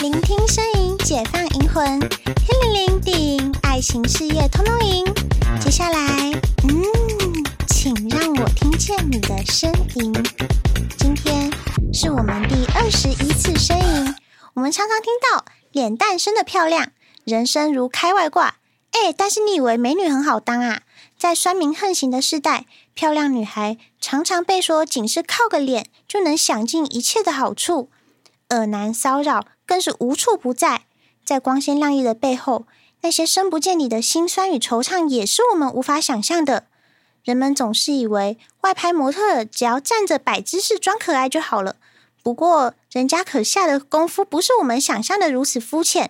聆聽聲音，解放靈魂，天靈靈地靈愛情事業通通贏。接下來，嗯，請讓我聽見你的聲音。今天是我們第二十一次聲音。我們常常聽到臉蛋生的漂亮，人生如開外掛。哎，但是你以為美女很好當啊？在酸民橫行的世代，漂亮女孩常常被說僅是靠個臉就能享盡一切的好處，惡男騷擾更是無處不在。在光鮮亮麗的背後，那些深不見底的心酸與惆悵，也是我們無法想象的。人們總是以為外拍模特只要站着擺姿勢、裝可愛就好了，不過人家可下的功夫，不是我們想象的如此膚淺。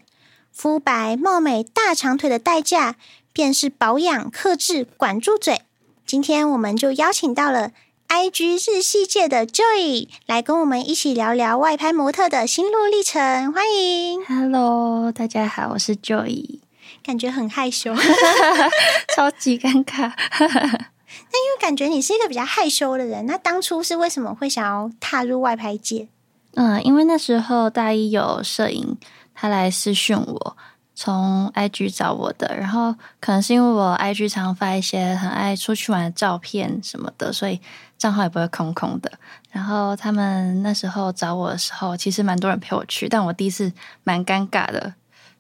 膚白貌美、大長腿的代價。便是保養、克制、管住嘴。今天我們就邀請到了 IG 日系界的 Joy 來跟我們一起聊聊外拍模特的心路歷程。歡迎，Hello，大家好，我是 Joy，感覺很害羞， 超級尷尬。那 因為感覺你是一個比較害羞的人，那當初是為什麼會想要踏入外拍界？嗯，因為那時候大一有攝影，他來私訊我。從 IG 找我的，然後可能是因為我 IG 常發一些很愛出去玩的照片什麼的，所以賬號也不會空空的。然後他們那時候找我的時候，其實蠻多人陪我去，但我第一次蠻尷尬的，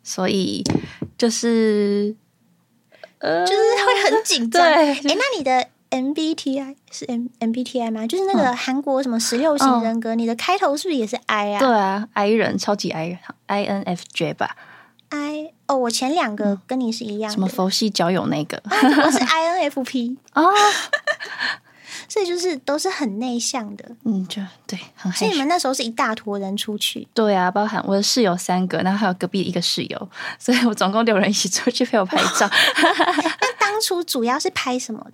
所以就是、呃、就是會很緊張。哎，那你的 MBTI 是 M MBTI 嗎？就是那個韓國什麼十六型人格？嗯哦、你的開頭是不是也是 I 啊？對啊，I 人，超級 I 人，INFJ 吧。I 哦，oh, 我前兩個跟你是一樣、嗯，什麼佛系交友那個，我是 INFP 啊，所以就是都是很內向的，嗯，就對，很害羞。所以你們那時候是一大坨人出去，對啊，包含我的室友三個，然後還有隔壁一個室友，所以我總共六人一起出去陪我拍照。 那當初主要是拍什麼的？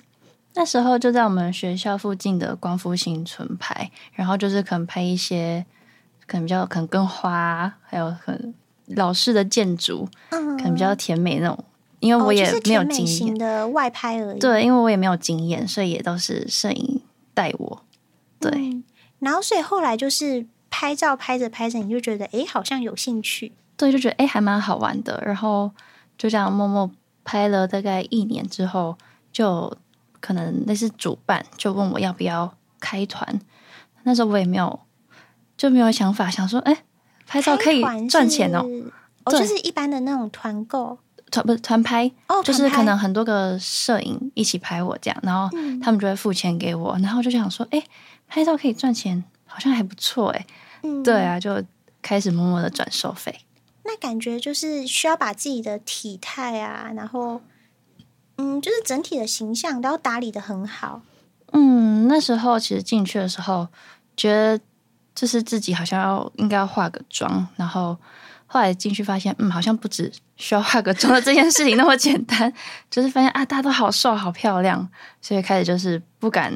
那時候就在我們學校附近的光復新村拍，然後就是可能拍一些，可能比較，可能跟花還有很。老式的建築，嗯，可能比較甜美那種，因為我也沒有經驗、哦就是、的外拍而已。對，因為我也沒有經驗，所以也都是攝影帶我。對、嗯，然後所以後來就是拍照拍着拍着，你就覺得哎、欸，好像有興趣。對，就覺得哎、欸，還蠻好玩的。然後就這樣默默拍了大概一年之後，就可能那是主辦就問我要不要開團。那時候我也沒有就沒有想法，想說哎。欸拍照可以賺錢、喔、哦，就是一般的那種團購，團不是團拍，哦、拍就是可能很多個攝影一起拍我這樣，然後他們就會付錢給我，嗯、然後就想說，哎、欸，拍照可以賺錢，好像還不錯哎、欸，嗯，對啊，就開始默默地轉收費。那感覺就是需要把自己的體態啊，然後嗯，就是整體的形象都要打理得很好。嗯，那時候其實進去的時候覺得。就是自己好像要應該要化個妝，然後後來進去發現，嗯，好像不只需要化個妝的這件事情那麼簡單， 就是發現啊，大家都好瘦好漂亮，所以開始就是不敢。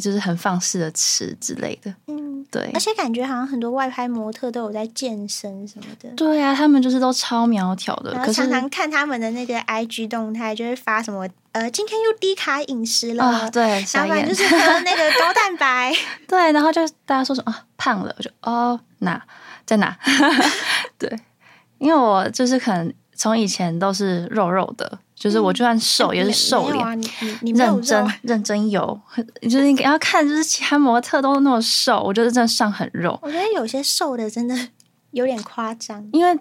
就是很放肆的吃之類的，嗯，對。而且感覺好像很多外拍模特都有在健身什麼的。對啊，他們就是都超苗條的。然後常常看他們的那個 IG 動態，就是發什麼是呃，今天又低卡飲食了。哦、對，老板就是喝那個高蛋白。 對，然後就大家說什麼啊，胖了？我就哦，哪在哪？ 對，因為我就是可能從以前都是肉肉的。就是我就算瘦，嗯、也是瘦臉，認真認真有，就是你要看，就是其他模特都那麼瘦，我覺得真的上很肉。我覺得有些瘦的真的有點誇張，因為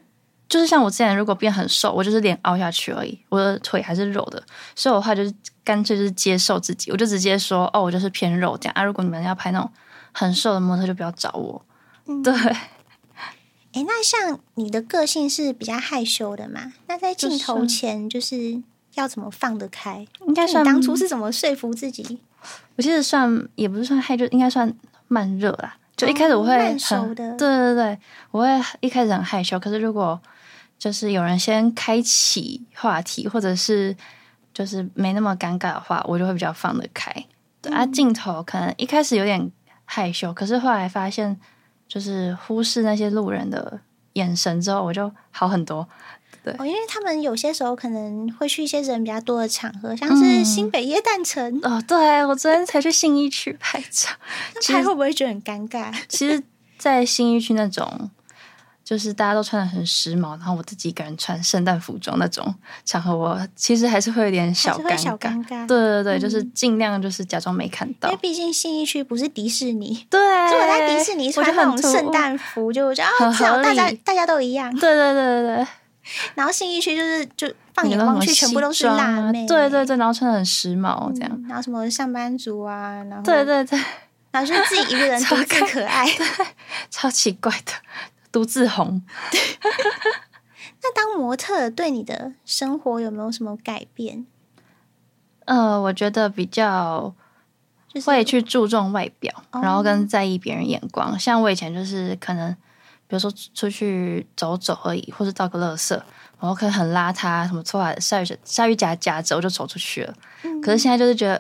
就是像我之前如果變很瘦，我就是臉凹下去而已，我的腿還是肉的，所以我的話就是乾脆就是接受自己，我就直接說哦，我就是偏肉這樣啊。如果你們要拍那種很瘦的模特，就不要找我。嗯，對，哎，欸，那像你的個性是比較害羞的嘛？那在鏡頭前就是就。要怎麼放得開？應該說當初是怎麼說服自己？我其實算也不是算害羞，就應該算慢熱啦。就一開始我會很，哦、慢熟的對對對，我會一開始很害羞。可是如果就是有人先開啟話題，或者是就是沒那麼尷尬的話，我就會比較放得開。對啊，鏡頭可能一開始有點害羞，可是後來發現就是忽視那些路人的眼神之後，我就好很多。對、哦，因為他們有些時候可能會去一些人比較多的場合，像是新北耶誕城、嗯。哦，對，我昨天才去信義區拍照， 那拍會不會覺得很尷尬？其實，其實在信義區那種，就是大家都穿的很時髦， 然後我自己一個人穿聖誕服、服裝那種場合，我其實還是會有點小尷尬。尷尬，對對對，嗯、就是盡量就是假裝沒看到，因為畢竟信義區不是迪士尼。對，如果在迪士尼穿那種聖誕服，我就、就我覺得哦，大家大家都一樣。對對對對對。然後信義區，就是就放眼望去你、啊、全部都是辣妹，對對對，然後穿的很時髦這樣、嗯，然後什麼上班族啊，然後對對對，然後就是自己一個人超可愛 超，對，超奇怪的獨自紅。對 那當模特對你的生活有沒有什麼改變？呃，我覺得比較就是會去注重外表，然後跟在意別人眼光。像我以前就是可能。比如說出去走走而已，或者倒個垃圾，然後可能很邋遢，什麼出來鯊魚鯊魚夾夾着我就走出去了。嗯、可是現在就是覺得，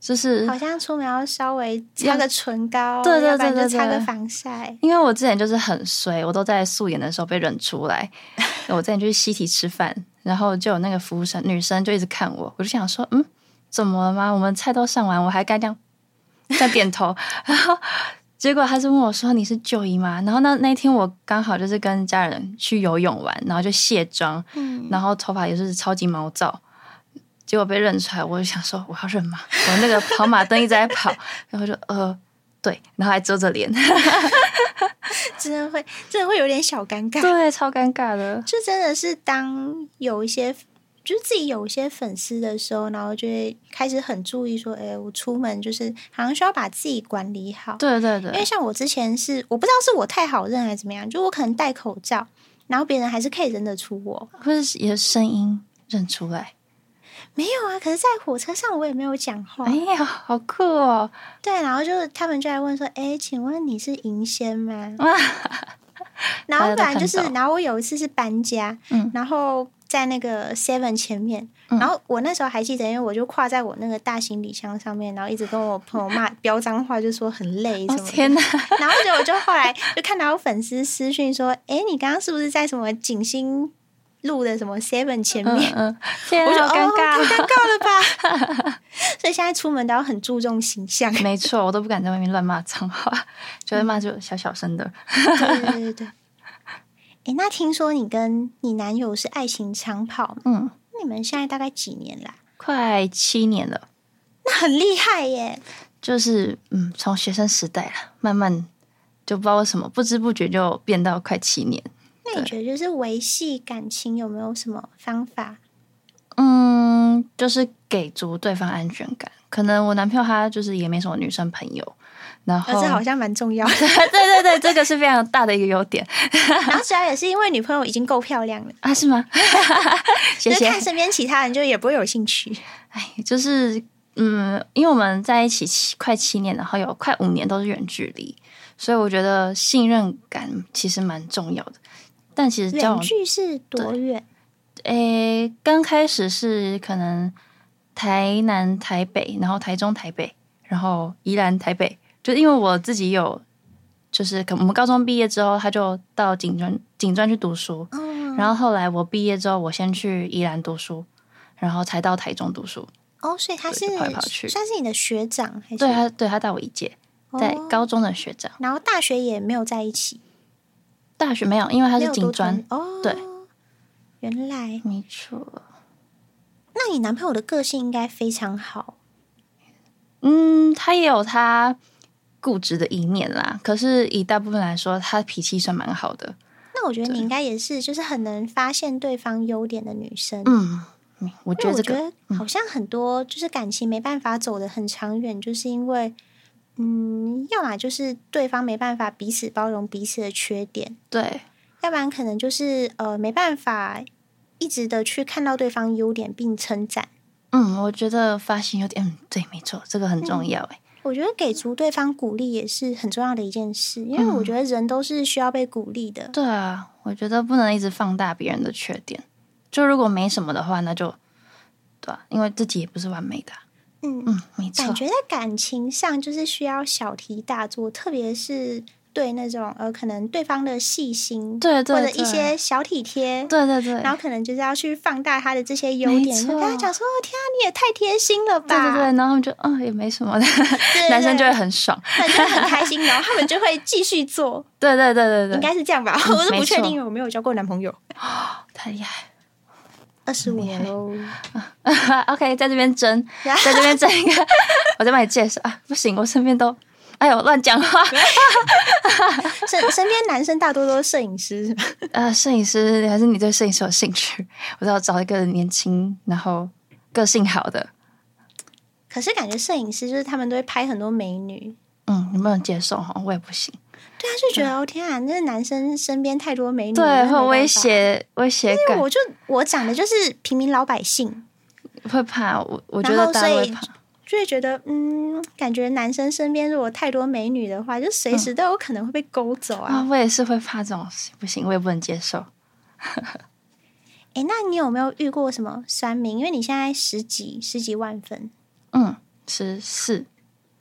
就、呃、是好像出門要稍微擦個唇膏，對對對對對，擦個防曬。因為我之前就是很衰，我都在素顏的時候被認出來。 我之前去西堤吃飯，然後就有那個服務生女生就一直看我，我就想說，嗯，怎麼了嗎？我們菜都上完，我還該這樣這樣點頭， 然後。結果他就問我說，你是 Joy 嗎？然後那那天我剛好就是跟家人去游泳玩，然後就卸妝，嗯、然後頭髮也是超級毛躁，結果被認出來，我就想說我要認嘛。 我那個跑馬燈一直在跑， 然後就呃對，然後還遮着臉， 真的會真的會有點小尷尬，對，超尷尬的，就真的是當有一些。就是自己有一些粉絲的時候，然後就會開始很注意說：“欸，我出門就是好像需要把自己管理好。”對對對，因為像我之前是我不知道是我太好認還是怎麼樣，就我可能戴口罩，然後別人還是可以認得出我，或者是有聲音認出來。沒有啊，可是在火車上我也沒有講話。哎呀，好酷哦！對，然後就是他們就來問說：“欸，請問你是寅仙嗎？”然後本來就是，然後我有一次是搬家，嗯，然後。在那個 Seven 前面，嗯、然後我那時候還記得，因為我就跨在我那個大行李箱上面，然後一直跟我朋友罵， 飆髒話，就說很累什麼、哦、天哪！然後就我就後來就看到有粉絲私訊說，哎， 你剛剛是不是在什麼景星路的什麼 Seven 前面？嗯、天哪，我就想、哦、尷尬，尷尬了吧？ 所以現在出門都要很注重形象。 沒錯，我都不敢在外面亂罵髒話，覺得、嗯、罵就小小聲的。 對，對對對對。哎、欸，那聽說你跟你男友是愛情長跑，嗯，你們現在大概幾年了、啊？快七年了，那很厲害耶！就是，嗯，從學生時代慢慢就不知道為什麼，不知不覺就變到快七年。那你覺得就是維繫感情有沒有什麼方法？嗯，就是給足對方安全感。可能我男朋友他就是也沒什麼女生朋友。然後這好像蠻重要的， 對對對， 這個是非常大的一個優點。 然後主要也是因為女朋友已經夠漂亮了啊，是嗎？其實 看身邊其他人就也不會有興趣。哎，就是嗯，因為我們在一起七快七年，然後有快五年都是遠距離，所以我覺得信任感其實蠻重要的。但其實遠距是多遠？誒，剛、欸、開始是可能台南、台北，然後台中、台北，然後宜蘭、台北。就因為我自己有，就是可能我們高中畢業之後，他就到錦專錦專去讀書，嗯、然後後來我畢業之後，我先去宜蘭讀書，然後才到台中讀書。哦，所以他現在算是你的學長，還是對，他對他大我一屆，在高中的學長。哦。然後大學也沒有在一起，大學沒有，因為他是錦專。嗯、哦。對，原來沒錯錯。那你男朋友的個性應該非常好。嗯，他也有他。固執的一面啦，可是以大部分來說，他脾氣算蠻好的。那我覺得你應該也是，就是很能發現對方優點的女生。嗯，我覺得好像很多就是感情沒辦法走得很長遠，就是因為，嗯，嗯，要麼就是對方沒辦法彼此包容彼此的缺點，對；要不然，可能就是呃沒辦法一直的去看到對方優點並稱讚。嗯，我覺得發現優點，嗯，對，沒錯，這個很重要，哎、嗯。我覺得給足對方鼓勵也是很重要的一件事，因為我覺得人都是需要被鼓勵的。嗯，對啊，我覺得不能一直放大別人的缺點，就如果沒什麼的話，那就對啊，因為自己也不是完美的。嗯嗯，沒錯。感覺在感情上就是需要小題大做，特別是。對那種呃，可能對方的細心，對或者一些小體貼，對對對，然後可能就是要去放大他的這些優點，跟他講說：“天啊，你也太貼心了吧！”對對對，然後他們就嗯，也沒什麼，男生就會很爽，很開心，然後他們就會繼續做。對對對對應該是這樣吧？我都不確定，我沒有交過男朋友，太厲害，二十五年嘍。OK，在這邊徵，在這邊徵一個，我再幫你介紹。不行，我身邊都。哎呦，亂講話！ 身身邊男生大多都是攝影師， 呃，攝影師還是你對攝影師有興趣？我要找一個年輕，然後個性好的。可是感覺攝影師就是他們都會拍很多美女，嗯，你不能接受哈？我也不行。對啊，就覺得我對天啊，那男生身邊太多美女，對，會威脅威脅感。我就我講的就是平民老百姓，會怕我，我覺得大家會就會覺得，嗯，感覺男生身邊如果太多美女的話，就隨時都有可能會被勾走啊！嗯、我也是會怕這種，不行，我也不能接受。誒、 欸、那你有沒有遇過什麼酸民？因為你現在十幾十幾萬分，嗯，十四，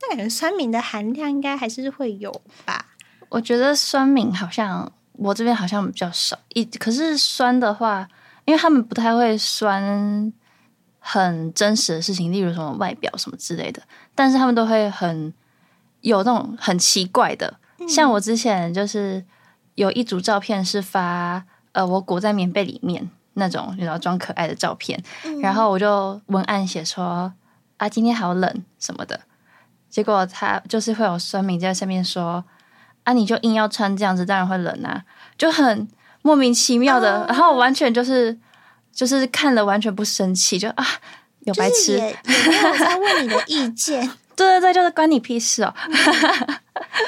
那感覺酸民的含量應該還是會有吧？我覺得酸民好像我這邊好像比較少，一可是酸的話，因為他們不太會酸。很真實的事情，例如什麼外表什麼之類的，但是他們都會很有那種很奇怪的，嗯、像我之前就是有一組照片是發呃我裹在棉被裡面那種你知道裝可愛的照片，嗯、然後我就文案寫說，啊今天好冷什麼的，結果他就是會有酸民在上面說，啊你就硬要穿這樣子當然會冷啊，就很莫名其妙的，oh. 然後完全就是。就是看了完全不生氣，就啊有白痴，也，也沒有在問你的意見， 對對對，就是關你屁事哦。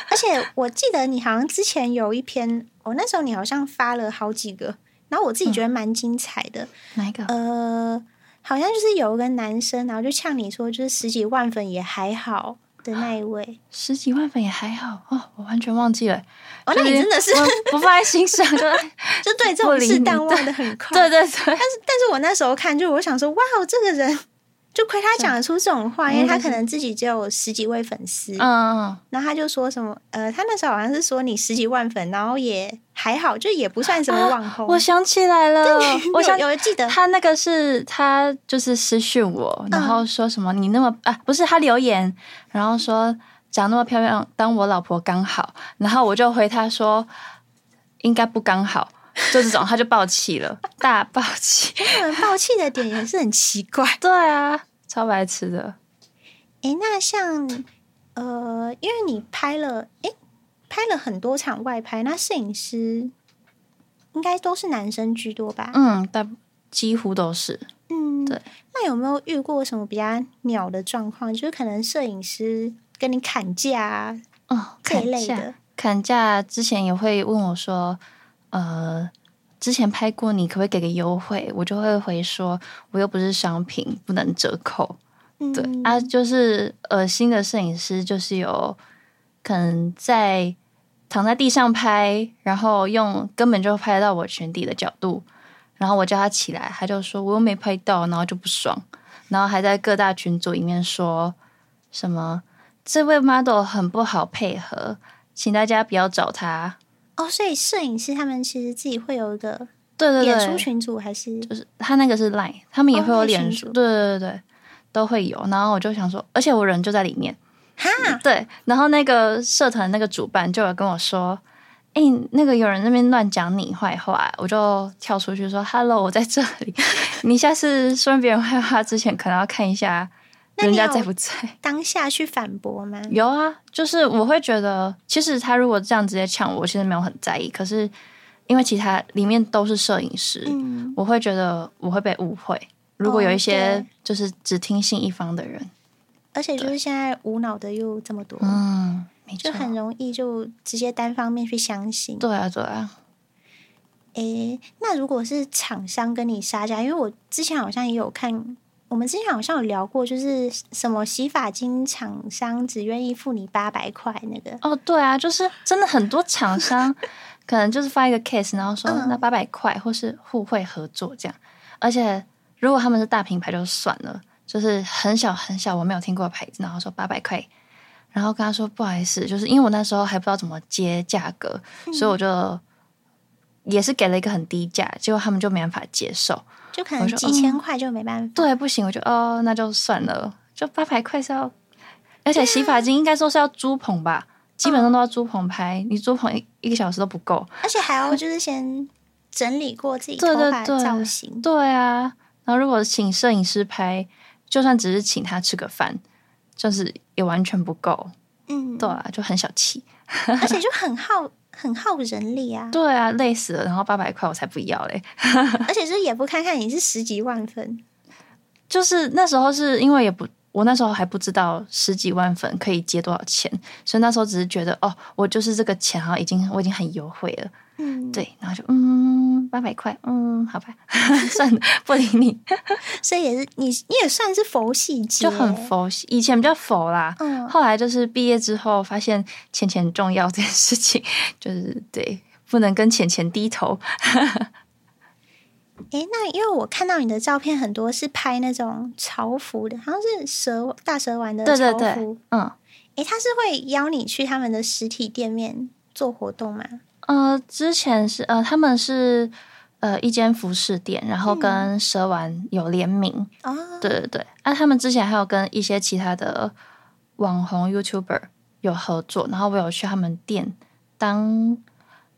而且我記得你好像之前有一篇，我、哦、那時候你好像發了好幾個，然後我自己覺得蠻精彩的，嗯，哪一個？呃，好像就是有一個男生，然後就嗆你說，就是十幾萬粉也還好。的那一位，哦、十幾萬粉也還好哦，我完全忘記了，哦，所以那你真的是我不放在心上， 呵呵就對這種事淡忘的很快，對對對，對對對但是但是我那時候看，就我想說，哇、哦，這個人。就虧他講得出這種話，啊、因為他可能自己只有十幾位粉絲，嗯嗯，嗯然後他就說什麼呃，他那時候好像是說你十幾萬粉，然後也還好，就也不算什麼網紅、啊。我想起來了，對我想，有，有記得他那個是他就是私訊我，然後說什麼你那麼啊不是他留言，然後說長那麼漂亮，當我老婆剛好，然後我就回他說應該不剛好。 就這種，他就爆氣了， 大爆氣。你們爆氣的點也是很奇怪。 對啊，超白痴的。誒、欸、那像呃，因為你拍了，誒、欸、拍了很多場外拍，那攝影師應該都是男生居多吧？嗯，但幾乎都是。嗯，對。那有沒有遇過什麼比較鳥的狀況？就是可能攝影師跟你砍價啊、哦、這一類的？砍價之前也會問我說。呃，之前拍過你，可不可以給個優惠？我就會回說，我又不是商品，不能折扣。嗯、對啊，就是噁心的攝影師，就是有可能在躺在地上拍，然後用根本就拍到我裙底的角度，然後我叫他起來，他就說我又沒拍到，然後就不爽，然後還在各大群組裡面說什麼，這位 model 很不好配合，請大家不要找他。哦，oh, 所以攝影師他們其實自己會有一個演出群組，對對對，演出群組還是就是他那個是 Line，他們也會有臉、oh, okay, 對對對對，都會有。然後我就想說，而且我人就在裡面，哈，Huh? 對。然後那個社團那個主辦就有跟我說，誒、欸，那個有人那邊亂講你壞話，我就跳出去說，Hello，我在這裡。 你下次說別人壞話之前，可能要看一下。人家在不在？當下去反駁嗎？有啊，就是我會覺得，其實他如果這樣直接搶我，我其實沒有很在意。可是因為其他裡面都是攝影師，嗯、我會覺得我會被誤會。如果有一些就是只聽信一方的人，哦、對而且就是現在無腦的又這麼多，嗯，就很容易就直接單方面去相信。對啊，對啊。誒、欸，那如果是廠商跟你殺價，因為我之前好像也有看。我們之前好像有聊過，就是什麼洗髮精廠商只願意付你八百塊那個哦，對啊，就是真的很多廠商可能就是發一個 case， 然後說那八百塊，或是互惠合作這樣。而且如果他們是大品牌就算了，就是很小很小我沒有聽過的牌子，然後說八百塊，然後跟他說不好意思，就是因為我那時候還不知道怎麼接價格，嗯、所以我就也是給了一個很低價，結果他們就沒辦法接受。就可能幾千塊就沒辦法，嗯、對，不行，我就哦，那就算了。就八百塊是要，而且洗髮精應該說是要租棚吧，嗯、基本上都要租棚拍，你租棚一個小時都不夠，而且還要就是先整理過自己頭髮的造型，嗯對對對，對啊。然後如果請攝影師拍，就算只是請他吃個飯，就是也完全不夠，嗯，對啊，就很小氣，而且就很好。 很耗人力啊！對啊，累死了。然後八百塊我才不要嘞！ 而且是也不看看你是十幾萬粉，就是那時候是因為也不我那時候還不知道十幾萬粉可以接多少錢，所以那時候只是覺得哦，我就是這個錢啊，已經我已經很優惠了。嗯，對，然後就嗯。八百塊，嗯，好吧， 算了，不理你。 所以也是你，你也算是佛系，就很佛系。以前比較佛啦，嗯，後來就是畢業之後，發現錢錢重要這件事情，就是對，不能跟錢錢低頭。誒、 欸、那因為我看到你的照片很多是拍那種潮服的，好像是蛇大蛇丸的潮服，對對對，嗯，誒他、欸、是會邀你去他們的實體店面做活動嗎？呃，之前是呃，他們是呃一間服飾店，然後跟蛇丸有聯名，啊、嗯，對對對，啊，他們之前還有跟一些其他的網紅 YouTuber 有合作，然後我有去他們店當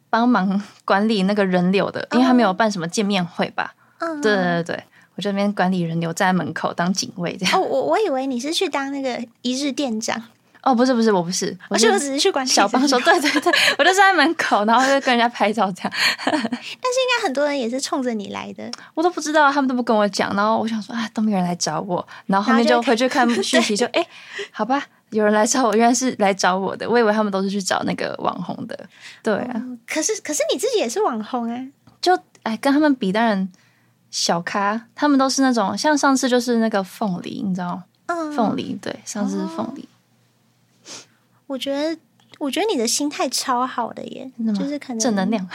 幫忙管理那個人流的，嗯，因為他沒有辦什麼見面會吧？嗯，對對對，我這邊管理人流，在門口當警衛這樣。哦，我我以為你是去當那個一日店長。哦，不是不是，我不是，哦、我且、哦、我只是去管小幫手。對對對，我就站在門口， 然後就跟人家拍照這樣。 但是應該很多人也是衝着你來的。我都不知道，他們都不跟我講。然後我想說啊，都沒有人來找我。然後後面就回去看訊息，就哎對、欸，好吧，有人來找我，原來是來找我的。我以為他們都是去找那個網紅的。對啊，嗯、可是可是你自己也是網紅啊，就哎，跟他們比，當然小咖，他們都是那種像上次就是那個鳳梨，你知道嗎？鳳、嗯、梨，對，上次是鳳梨。嗯我覺得，我覺得你的心態超好的耶，就是可能正能量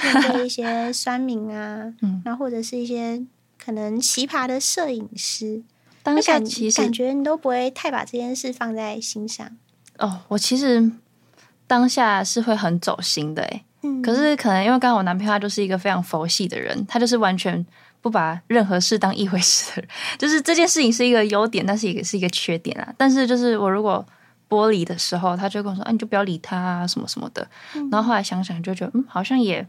一些酸民啊， 嗯、然後或者是一些可能奇葩的攝影師，當下其實感，感覺你都不會太把這件事放在心上。哦，我其實當下是會很走心的，嗯、可是可能因為剛好我男朋友他就是一個非常佛系的人，他就是完全不把任何事當一回事的人，就是這件事情是一個優點，但是也是一個缺點啊。但是就是我如果。玻璃的時候，他就跟我說：“哎、啊，你就不要理他啊，什麼什麼的。嗯”然後後來想想，就覺得嗯，好像也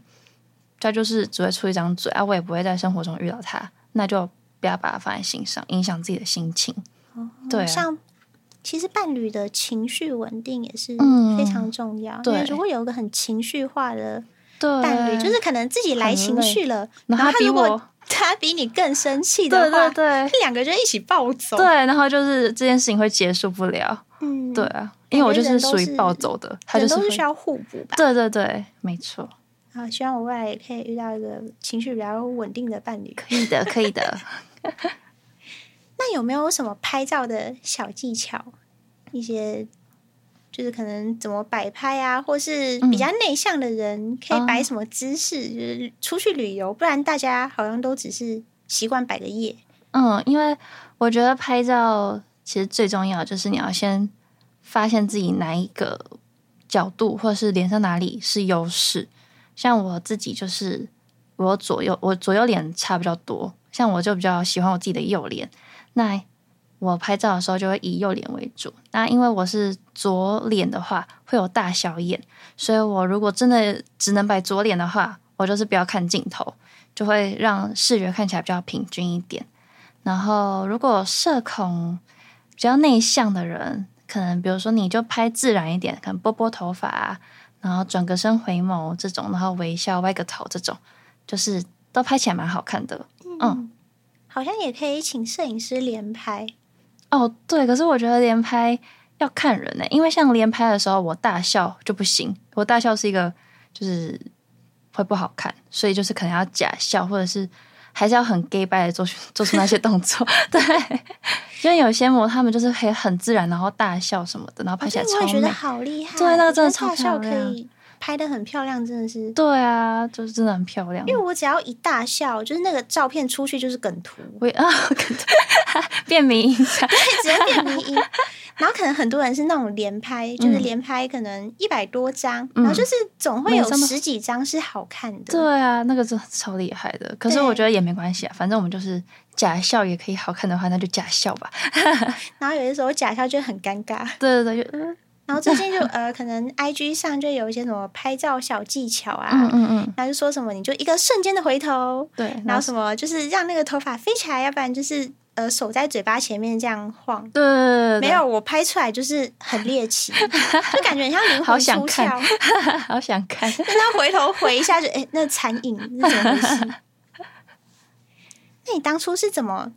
他就是只會出一張嘴啊，我也不會在生活中遇到他，那就不要把他放在心上，影響自己的心情。哦、對、啊，像其實伴侶的情緒穩定也是非常重要。嗯、對，如果有一個很情緒化的伴侶，對就是可能自己來情緒了，然後他如果他比我, 他比你更生氣的話，對，對，對，兩個人一起暴走，對，然後就是這件事情會結束不了。嗯、對啊，因為我就是屬於暴走的，都是他就是，都是需要互補吧。對對對，沒錯。啊，希望我未來也可以遇到一個情緒比較穩定的伴侶。可以的，可以的。 那有沒有什麼拍照的小技巧？一些就是可能怎麼擺拍啊，或是比較內向的人可以擺什麼姿勢？嗯、就是出去旅遊，不然大家好像都只是習慣擺個夜。嗯，因為我覺得拍照。其實最重要就是你要先發現自己哪一個角度或者是臉上哪裡是優勢。像我自己就是我左右我左右臉差比較多，像我就比較喜歡我自己的右臉。那我拍照的時候就會以右臉為主。那因為我是左臉的話會有大小眼，所以我如果真的只能擺左臉的話，我就是不要看鏡頭，就會讓視覺看起來比較平均一點。然後如果社恐，比較內向的人，可能比如說你就拍自然一點，可能撥撥頭髮啊，然後轉個身回眸這種，然後微笑歪個頭這種，就是都拍起來蠻好看的。嗯，嗯，好像也可以請攝影師連拍。哦，對，可是我覺得連拍要看人呢、欸，因為像連拍的時候，我大笑就不行，我大笑是一個就是會不好看，所以就是可能要假笑或者是。還是要很 gay 掰的做做出那些動作， 對，因為有些模他們就是很很自然，然後大笑什麼的，然後拍起來超美。啊、我覺得好厲害，因為那個真的超漂亮。拍的很漂亮，真的是。對啊，就是真的很漂亮。因為我只要一大笑，就是那個照片出去就是梗圖。會啊，梗圖變名一下。哈哈 對，直接變 然後可能很多人是那種連拍，就是連拍可能一百多張，嗯、然後就是總會有十幾張是好看的、嗯。對啊，那個真的超厲害的。可是我覺得也沒關係啊，反正我們就是假笑也可以好看的話，那就假笑吧。 然後有些時候假笑就很尷尬。對對對，就嗯。然後最近就呃，可能 IG 上就有一些什麼拍照小技巧啊，嗯嗯嗯，然後就說什麼你就一個瞬間的回頭，對，然後什麼就是讓那個頭髮飛起來，要不然就是呃手在嘴巴前面這樣晃，對，對，對，對，對。沒有我拍出來就是很獵奇， 就感覺很像靈魂出竅，好想看，那回頭回一下就哎那殘影那種東西， 那你當初是怎麼？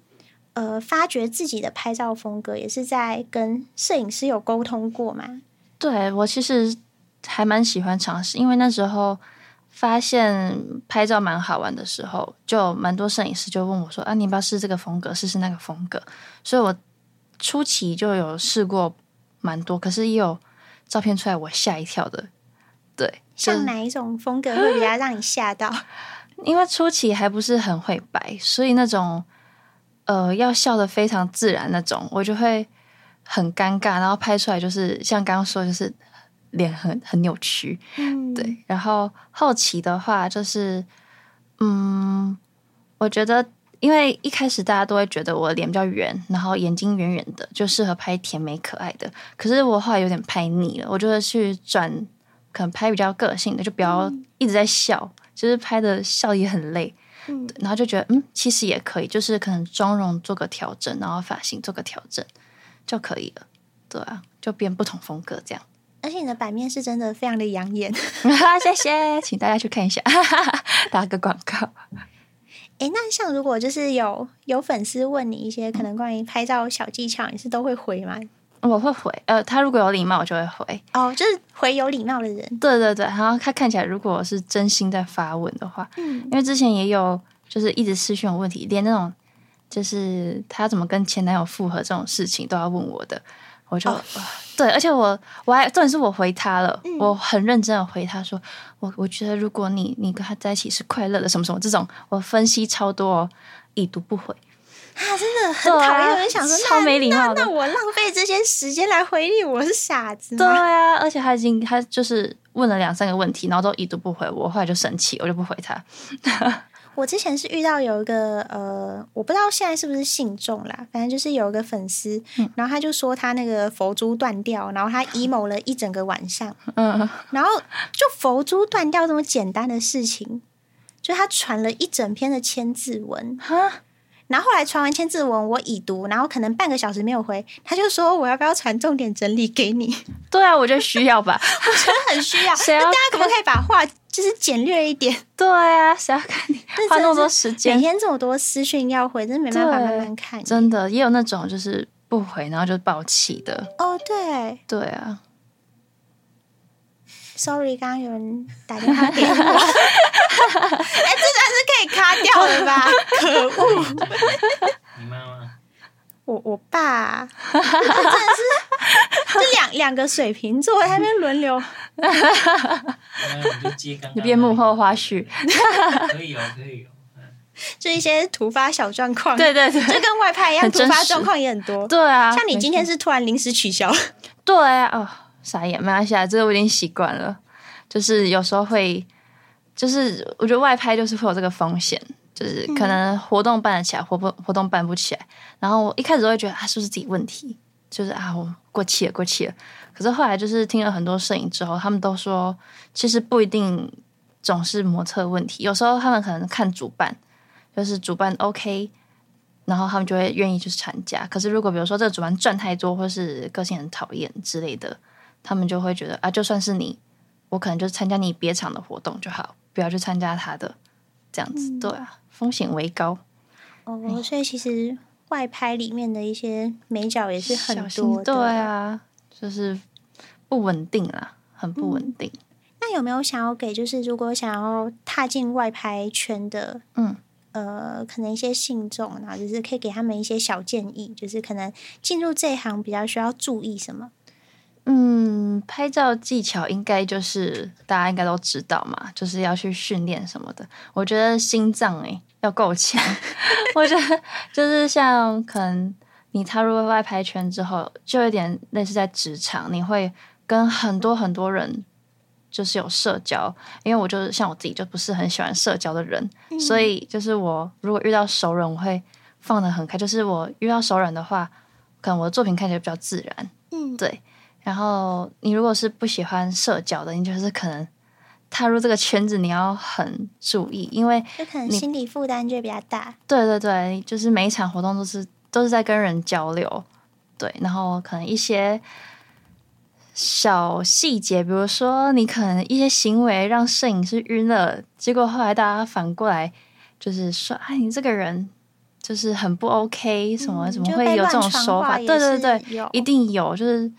呃，發覺自己的拍照風格，也是在跟攝影師有溝通過嗎？對，我其實還蠻喜歡嘗試，因為那時候發現拍照蠻好玩的時候，就蠻多攝影師就問我說：“啊，你不要試這個風格，試試那個風格。”所以我初期就有試過蠻多，可是也有照片出來，我嚇一跳的。對，像哪一種風格會比較讓你嚇到？ 因為初期還不是很會擺，所以那種。呃，要笑的非常自然那種，我就會很尷尬，然後拍出來就是像剛剛說的，就是臉很很扭曲，嗯、對。然後後期的話，就是嗯，我覺得因為一開始大家都會覺得我臉比較圓，然後眼睛圓圓的，就適合拍甜美可愛的。可是我後來有點拍膩了，我就是去轉，可能拍比較個性的，就比較一直在笑，嗯、就是拍的笑也很累。然後就覺得嗯，其實也可以，就是可能妝容做個調整，然後髮型做個調整就可以了，對啊，就變不同風格這樣。而且你的版面是真的非常的養眼，謝謝，請大家去看一下， 打個廣告。哎，那像如果就是有有粉絲問你一些可能關於拍照小技巧，你是都會回嗎？我會回，呃，他如果有禮貌，我就會回。哦，就是回有禮貌的人。對對對，然後他看起來，如果我是真心在發問的話，嗯，因為之前也有，就是一直私訊我問題，連那種就是他怎麼跟前男友復合這種事情都要問我的，我就，哦哦、對，而且我我還重點是我回他了，嗯、我很認真的回他說，我我覺得如果你你跟他在一起是快樂的什麼什麼這種，我分析超多、哦，已讀不回。啊，真的很討厭有人想說，那超那，那我浪費這些時間來回你，我是傻子嗎？對啊，而且他已經他就是問了兩三個問題，然後都已讀不回我，我後來就生氣，我就不回他。 我之前是遇到有一個呃，我不知道現在是不是信眾啦，反正就是有一個粉絲，然後他就說他那個佛珠斷掉，然後他 emo 了一整個晚上。嗯，然後就佛珠斷掉這麼簡單的事情，就他傳了一整篇的千字文。哈、嗯。然後後來傳完千字文，我已讀，然後可能半個小時沒有回，他就說我要不要傳重點整理給你？對啊，我覺得需要吧， 我覺得很需要。要大家可不可以把話就是簡略一點？對啊，誰要看你花那麼多時間？每天這麼多私訊要回，真的沒辦法慢慢看。真的也有那種就是不回，然後就爆氣的。哦，對，對啊。Sorry，剛剛有人打電話給我。哎、 欸，這算是可以卡掉的吧？ 可惡惡！你媽媽？我我爸、啊。 真的是，就兩兩個水瓶座，在那邊輪流。 你編幕後花絮。 可以哦，可以哦，就一些突發小狀況，對對對，就跟外拍一樣，突發狀況也很多。對啊，像你今天是突然臨時取消。對啊。傻眼沒關係啊，這個我已經習慣了。就是有時候會，就是我覺得外拍就是會有這個風險，就是可能活動辦得起來，活不活動辦不起來。然後我一開始都會覺得啊，是不是自己問題？就是啊，我過氣了，過氣了。可是後來就是聽了很多攝影之後，他們都說其實不一定總是模特問題，有時候他們可能看主辦，就是主辦 OK，然後他們就會願意去參加。可是如果比如說這個主辦賺太多，或是個性很討厭之類的。他們就會覺得啊，就算是你，我可能就參加你別場的活動就好，不要去參加他的這樣子。對啊，嗯、風險為高哦。所以其實外拍裡面的一些眉角也是很多小心，對啊，就是不穩定啊，很不穩定、嗯。那有沒有想要給就是如果想要踏進外拍圈的，嗯，呃，可能一些信眾，然後就是可以給他們一些小建議，就是可能進入這一行比較需要注意什麼？嗯，拍照技巧應該就是大家應該都知道嘛，就是要去訓練什麼的。我覺得心臟誒、欸、要夠強。 我覺得就是像可能你踏入外拍圈之後，就有點類似在職場，你會跟很多很多人就是有社交。因為我就是像我自己就不是很喜歡社交的人，嗯、所以就是我如果遇到熟人，我會放得很開。就是我遇到熟人的話，可能我的作品看起來比較自然。嗯，對。然後你如果是不喜歡社交的，你就是可能踏入這個圈子，你要很注意，因為就可能心理負擔就會比較大。對對對，就是每一場活動都是都是在跟人交流，對。然後可能一些小細節，比如說你可能一些行為讓攝影師暈了，結果後來大家反過來就是說：“哎、啊，你這個人就是很不 OK，什麼、嗯、怎麼會有這種說法？”對對對，一定有，就是。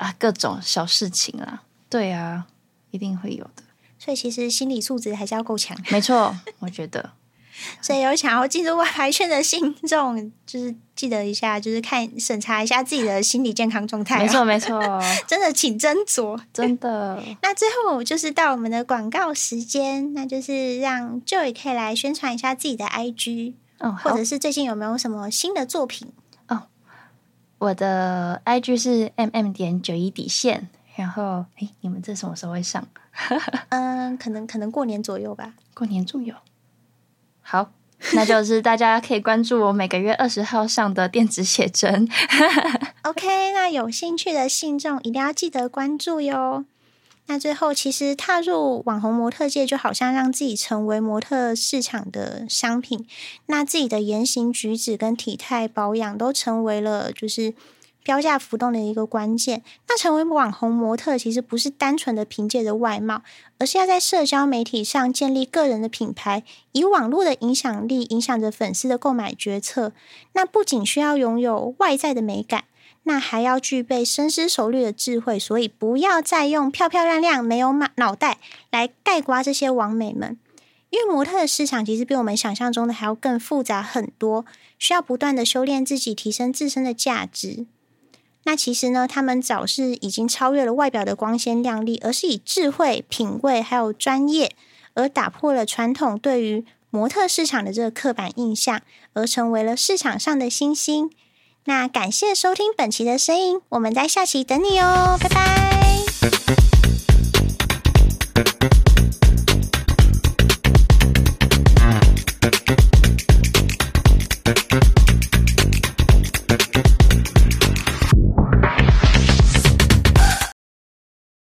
啊，各種小事情啊，對啊，一定會有的。所以其實心理素質還是要夠強，沒錯，我覺得。 所以有想要進入外拍圈的信眾，就是記得一下，就是看審查一下自己的心理健康狀態、啊。沒錯，沒錯， 真的，請斟酌，真的。 那最後就是到我們的廣告時間，那就是讓 Joy 可以來宣傳一下自己的 IG、哦、或者是最近有沒有什麼新的作品？我的 IG 是 mm 點九一底線，然後，欸，你們這什麼時候會上？ 嗯，可能可能過年左右吧，過年左右。 好，那就是大家可以關注我每個月二十號上的電子寫真。 OK，那有興趣的信眾一定要記得關注喲。那最後，其實踏入網紅模特界，就好像讓自己成為模特市場的商品。那自己的言行舉止跟體態保養，都成為了就是標價浮動的一個關鍵。那成為網紅模特，其實不是單純的憑借着外貌，而是要在社交媒體上建立個人的品牌，以網絡的影響力影響着粉絲的購買決策。那不僅需要擁有外在的美感。那還要具備深思熟慮的智慧，所以不要再用漂漂亮亮、沒有馬腦袋來概括這些網美們。因為模特的市場其實比我們想象中的還要更複雜很多，需要不斷的修煉自己，提升自身的價值。那其實呢，他們早是已經超越了外表的光鮮亮麗，而是以智慧、品味還有專業，而打破了傳統對於模特市場的這個刻板印象，而成為了市場上的新星、星。那感謝收聽本期的聲寅，我們在下期等你哦，拜拜。